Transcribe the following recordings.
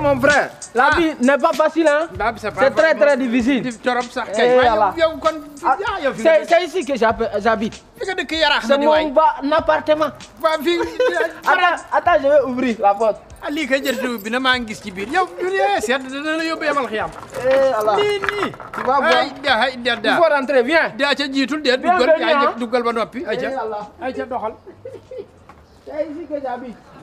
mon frère. la ah. vie n'est pas facile hein. c'est très très difficile. Eh, ah, c'est ici que j'habite. c'est mon appartement. attends je vais ouvrir la porte. tu vas voir viens. c'est ici que j'habite.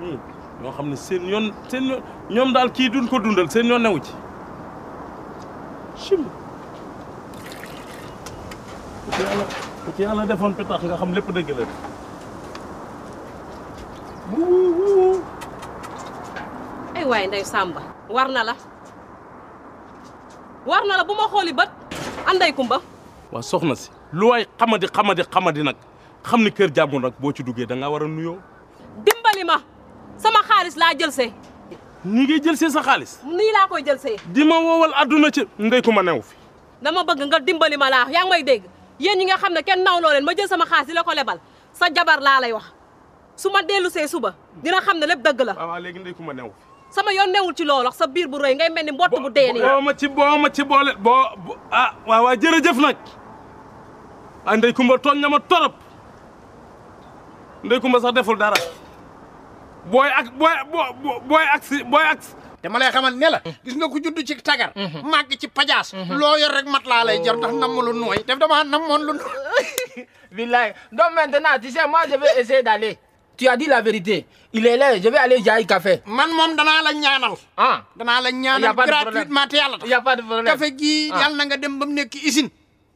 ñii ñoo xam ne seen yoon seen yoon ñoom duñ ko dundal seen yoon newu ci chim ko ci ala defon pitax nga xam lepp deug la ay way ndey Samba Warna la warna la bu ma bat anday kumba wa soxna si lu way xamadi xamadi xamadi nak xamni ni kër nak bo ci duggé da nga wara nuyo ni ma sama xaalis laa jël see. ni ngay jël see sa xaalis. nii laa koy jël see. di ma woowal adduna ci ndey ku ma newu fi. dama bëgg nga dimbali ma laa yaa ngi may dégg yéen ñi nga xam ne kenn nawloo leen ma jël sama xaalis di ko lebal sa jabar laa lay wax su ma dellu see suba dina xam ne lépp dëgg la. léegi ndey ku ma newu fi. sama yoon newul ci loolu sa biir bu rey ngay mel ni mbott bu dee boo ma ci boo ma ci boole boo ah waaw waaw jërëjëf nag ah ndey kumba na ma torop ndey kumba sax deful dara. boy ak boy booy ak si dama lay xamal ne la. gis nga ko judd ci tagar. mag mhm. ci pajaas. Mhm. lo yor rek mat laa lay jar ndax oh. namm lu nooy. def dama namon lu nooy. billahi donc maintenant tu sais moi je vais essayer d'aller. tu as dit la vérité il est là je vais aller jaay café. man mom dana la ñaanal. ah danaa la ñaanal gratuitement te yàlla y' a pas de problème café gii ah. yàlla nga dem bam nek nekk usine.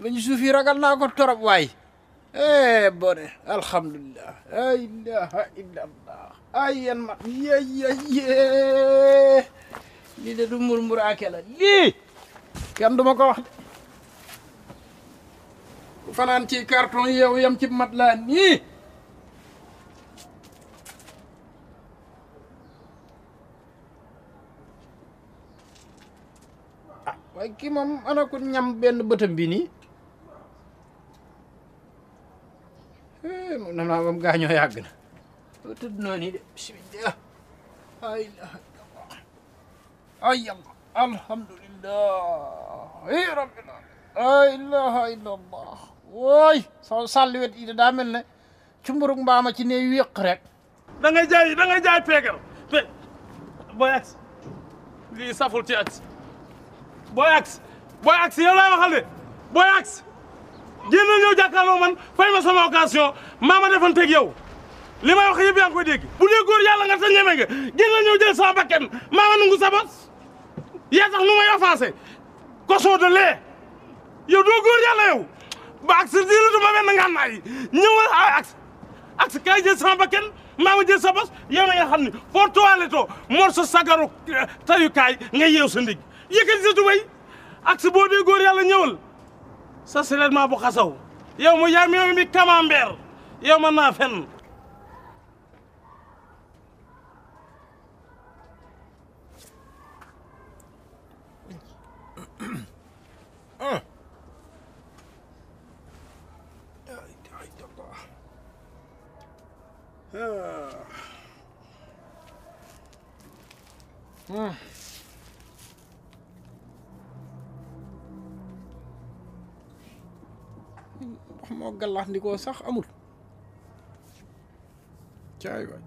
bañ suufi ragal naa ko torop waay eh bone alhamdulillah ay ilaha illa allah ay yan ma ye lii de du murmuraake la li kan duma ko wax fanan ci carton yow yam ci mat ni nii waaye kii moom ñam benn bi nam naa gaañoo yàgg na tudd noonu yi de bismillah ay ay yàlla alhamdulillah i allah wooy soo sàlli wet yi daa mel ne ci mburug ci ne wéq rek da ngay jaay da ngay jaay peegar pe booy ags lii saful ci ags booy génn ñëw jàkkaarloo man fay ma sama occasion maa ma defanteeg yow li may wax yëpp yaa ngi koy dégg bu dee góor yàlla nga sa ñeme nga génn ñëw jël sama bakkan maa ma nangu sa bos tax nu may offensé de lee yow doo góor yàlla yow ba ak sa diirutu ma benn ngànnaay ñëwal ak ak sa kaay jël sama bakkan maa jël sa bos na nga xam ne foo toiletoo mor sa sagaru eh, tayukaay nga yeew sa ndig yëkkati sa tubay ak sa boo dee góor yàlla ñëwal sa sileen maa bu xasaw yow mu yaam yow mi camembert yow mën naa fenn Mm. moo gàllax ndikoo sax amul caay waay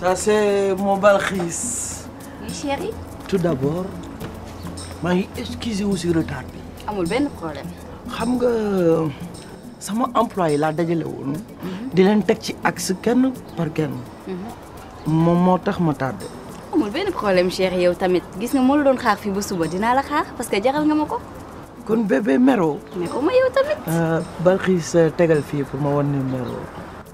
ça moo mon bal xiis. oui chéri. tout d'abord maa ngi excusé wu si retard bi. amul benn problème. xam nga sama employé laa dajale woon. Mhm. di leen teg ci axe kenn par kenn. Mhm. moo tax ma tardé. amul benn problème chéri yow tamit gis nga moo la doon xaar fii ba suba dinaa la xaar parce que jaral nga ma ko. kon bébé mero. ne ko ma yow tamit. Euh, Balxiis euh, tegal fii pour ma wan ne mero.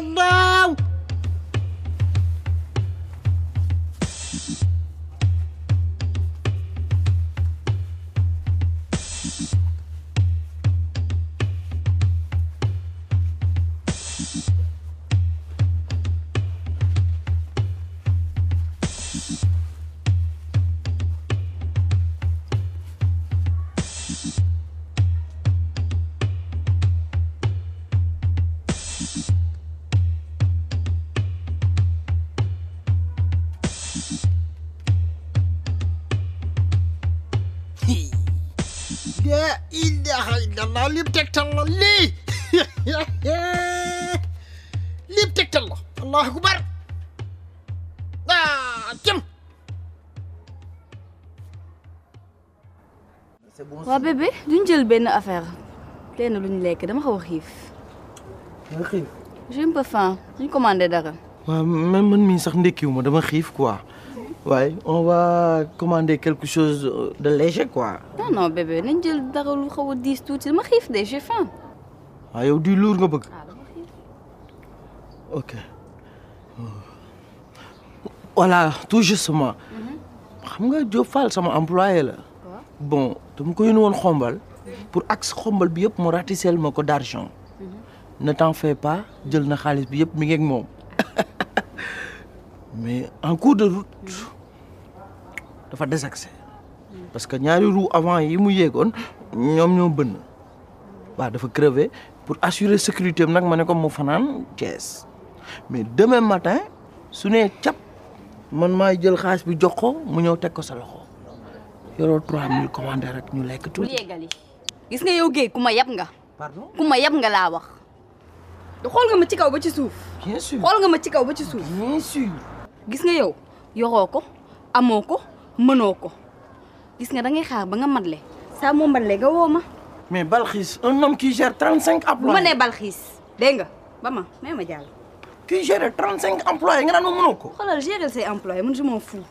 Allah! laa ilaaha illallah lim tegtal la lii lim tegtal la allahu akbar ah jëm. waa bébé duñ jël benn affaire lenn luñ lekk dama xaw a xiif. nga xiif. j'ai un peu faim duñ commandé dara. waaw même man mii sax ndekkiwu ma dama xiif quoi. Oui.. on va commander quelque chose de léger, quoi. Non, non, bébé, on va prendre quelque chose Je léger. J'ai faim. Ah, tu du lourd ah, Ok. Voilà, tout justement. Je mhm. sais, Diop Fall, employé. Bon, je suis dit Pour axe Khombal, je d'argent. Mhm. Ne t'en fais pas, je vais un faire mais en cours de route dafa désaxé parce que ñaari roue avant yi mu yéegoon ñom ñoo bënn waaw dafa crever pour assurer sécurité nak mané ko mu fanaan Thiès mais demain matin su né ciap man may jël xaalis bi joxo mu ñew tek ko sa loxo yoro 3000 commandé rek ñu lekk tuuti. yéegali gis nga yow gey kuma ma yab nga. pardon kuma ma yab nga la wax. xol nga ma ci kaw ba ci souf bien sûr xol nga ma ci kaw ba ci souf bien sûr. gis nga yow yoroo ko amoo ko mënoo ko gis nga da ngay xaar ba nga le saa moo le ga woo ma. mais Balxiis un homme qui gère trente cinq emplois. bu ma nee Balxiis dégg nga ba ma may ma jàll. qui gère trente cinq emplois nga naan ma mënoo ko. xoolal gérer say emplois man je m'en fous.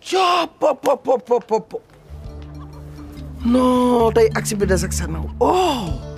caa pop pop pop pop non tey accident bi des ak